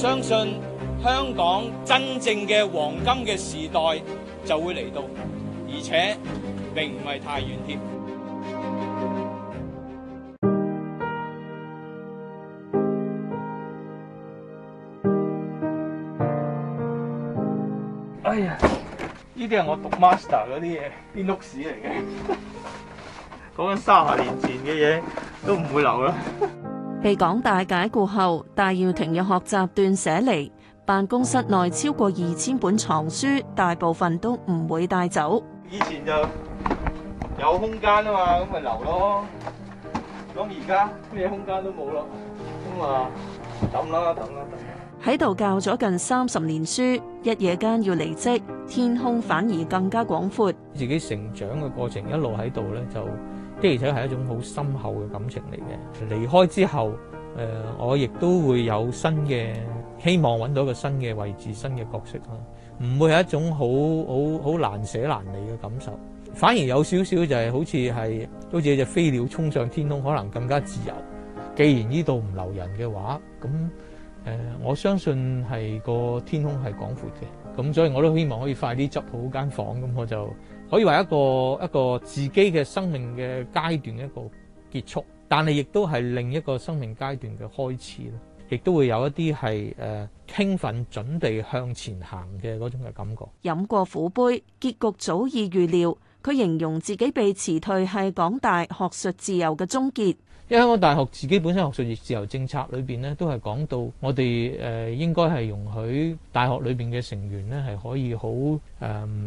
相信香港真正嘅黃金嘅時代就會嚟到，而且並唔係太遠添。哎呀，呢啲係我讀 master 嗰啲嘢，邊屋屎嚟嘅，講緊三十年前嘅嘢都唔會留啦。被港大解僱後，戴耀廷嘅學習段寫嚟。辦公室內超過二千本藏書，大部分都唔會帶走。以前就有空間啊嘛，咁咪留咯。咁而家咩空間都冇咯，咁啊。等啦，等啦，等。喺度教咗近三十年書，一夜間要離職，天空反而更加廣闊。自己成長嘅過程一路喺度呢，就的而且係一種好深厚嘅感情嚟嘅。離開之後，誒、呃，我亦都會有新嘅希望，揾到一個新嘅位置、新嘅角色啦。唔會係一種好好好難捨難離嘅感受，反而有少少就係、是、好似係好似隻飛鳥衝上天空，可能更加自由。既然呢度唔留人嘅話，咁誒、呃，我相信係個天空係廣闊嘅，咁所以我都希望可以快啲執好間房，咁我就可以話一個一個自己嘅生命嘅階段一個結束，但係亦都係另一個生命階段嘅開始，亦都會有一啲係誒興奮、準備向前行嗰種嘅感覺。飲過苦杯，結局早已預料。佢形容自己被辭退係港大學術自由嘅終結。因為香港大學自己本身學術自由政策裏面咧，都係講到我哋誒應該係容許大學裏面嘅成員咧，係可以好唔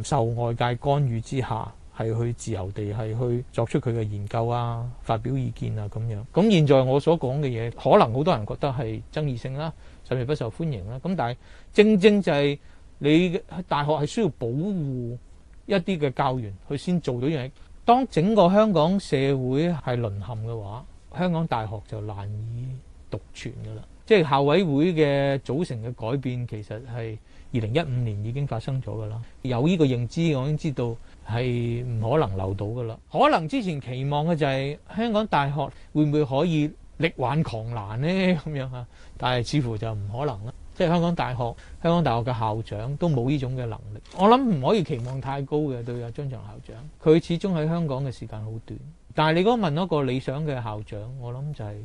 受外界干預之下，係去自由地係去作出佢嘅研究啊、發表意見啊咁樣。咁現在我所講嘅嘢，可能好多人覺得係爭議性啦，甚至不受歡迎啦。咁但係正正就係你大學係需要保護一啲嘅教員，去先做到樣嘢。當整個香港社會係淪陷嘅話，香港大學就難以獨存噶啦，即係校委會嘅組成嘅改變，其實係二零一五年已經發生咗噶啦。有呢個認知，我已經知道係唔可能留到噶啦。可能之前期望嘅就係香港大學會唔會可以力挽狂瀾呢？咁樣啊？但係似乎就唔可能啦。即係香港大學，香港大學嘅校長都冇呢種嘅能力。我諗唔可以期望太高嘅對阿張翔校長，佢始終喺香港嘅時間好短。但係你如果問一個理想嘅校長，我諗就係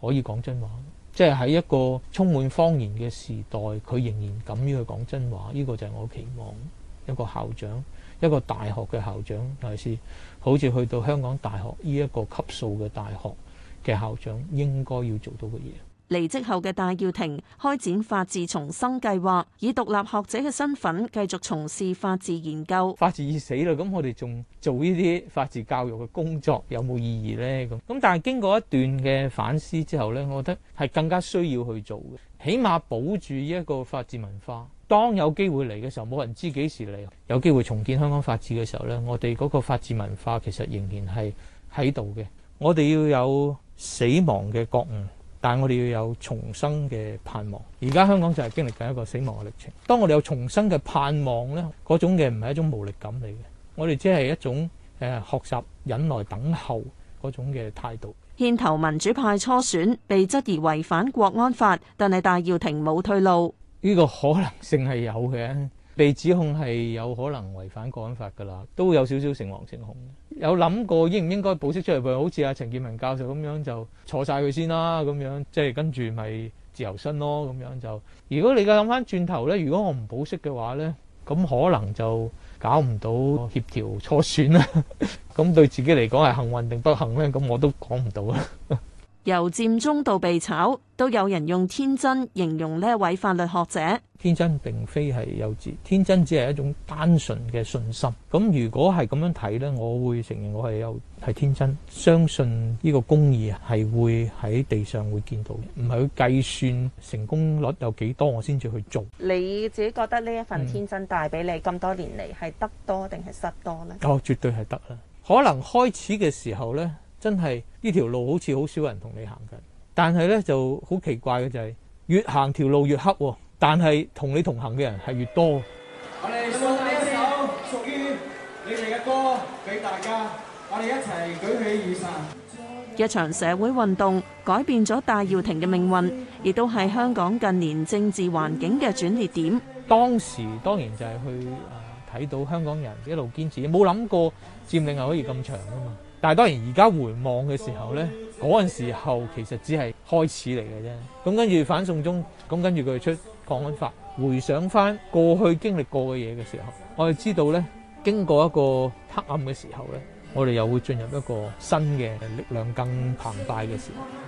可以講真話，即係喺一個充滿謊言嘅時代，佢仍然敢於去講真話，呢個就係我期望一個校長，一個大學嘅校長，尤其是好似去到香港大學呢一個級數嘅大學嘅校長應該要做到嘅嘢。離職後嘅戴耀廷開展法治重生計劃，以獨立學者嘅身份繼續從事法治研究。法治已死啦，咁我哋仲做呢啲法治教育嘅工作有冇意義呢？咁咁，但係經過一段嘅反思之後呢，我覺得係更加需要去做嘅。起碼保住呢一個法治文化。當有機會嚟嘅時候，冇人知幾時嚟，有機會重建香港法治嘅時候呢，我哋嗰個法治文化其實仍然係喺度嘅。我哋要有死亡嘅覺悟。但我哋要有重生嘅盼望。而家香港就係經歷緊一個死亡嘅歷程。當我哋有重生嘅盼望呢，嗰種嘅唔係一種無力感嚟嘅，我哋只係一種誒學習忍耐等候嗰種嘅態度。牽頭民主派初選被質疑違反國安法，但係戴耀廷冇退路。呢個可能性係有嘅，被指控係有可能違反國安法㗎啦，都有少少誠惶誠恐有諗過應唔應該保釋出嚟？譬如好似阿陳健民教授咁樣，就坐晒佢先啦。咁樣即係跟住咪自由身咯。咁樣就如果你嘅諗翻轉頭咧，如果我唔保釋嘅話咧，咁可能就搞唔到協調初選啦。咁 對自己嚟講係幸運定不幸咧？咁我都講唔到啦。 由佔中到被炒，都有人用天真形容呢位法律學者。天真並非係幼稚，天真只係一種單純嘅信心。咁如果係咁樣睇呢，我會承認我係有係天真，相信呢個公義係會喺地上會見到嘅，唔係去計算成功率有幾多，我先至去做。你自己覺得呢一份天真帶俾你咁多年嚟係、嗯、得多定係失多呢？哦，絕對係得啦。可能開始嘅時候呢。真係呢條路好似好少人同你行緊，但係咧就好奇怪嘅就係越行條路越黑，但係同你同行嘅人係越多。我哋送你一首屬於你哋嘅歌俾大家，我哋一齊舉起雨傘。一場社會運動改變咗戴耀廷嘅命運，亦都係香港近年政治環境嘅轉捩點。當時當然就係去睇到香港人一路堅持，冇諗過佔領係可以咁長啊嘛。但係當然，而家回望嘅時候咧，嗰陣時候其實只係開始嚟嘅啫。咁跟住反送中，咁跟住佢出《國安法》，回想翻過去經歷過嘅嘢嘅時候，我哋知道咧，經過一個黑暗嘅時候咧，我哋又會進入一個新嘅力量更澎湃嘅時候。